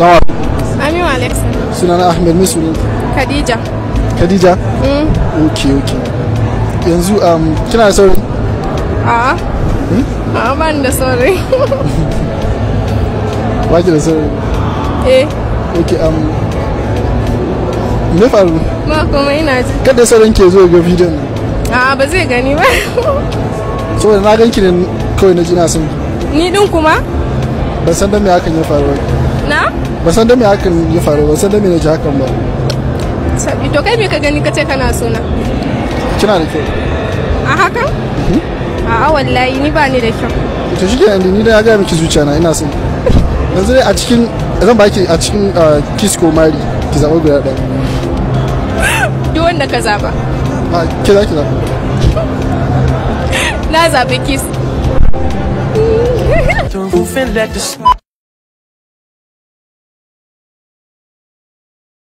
Assalamu alaikum. Aminu Alexa. Sunana Ahmed me sunan Khadija. Khadija? Mm. Okay, Yanzu um, kina da sauri? A'a. Hmm? ban da sauri. Ba ki da sauri? Eh. Ok. um, me faru? Ba kuma ina ji. Kada sauran ke zo ga bidiyon. A'a ba zai gani ba. Saboda na ganki ne kawai na ji na son. Ni din kuma? ba san da me hakan ya faru na ba san da me hakan ya faru ba san da me ne ji hakan ba sabi to kai me ka gani kace kana suna na kina da kyau a a mhm. a'a wallahi ni ba ni da kyau to shi ke ni da ya ga miki zuciya na ina son yanzu dai a cikin zan baki a cikin uh, kisko mari ki zaba guda ɗaya duk wanda ka zaba a ah, ki za ki zaba na zabi kis the roof and let the smoke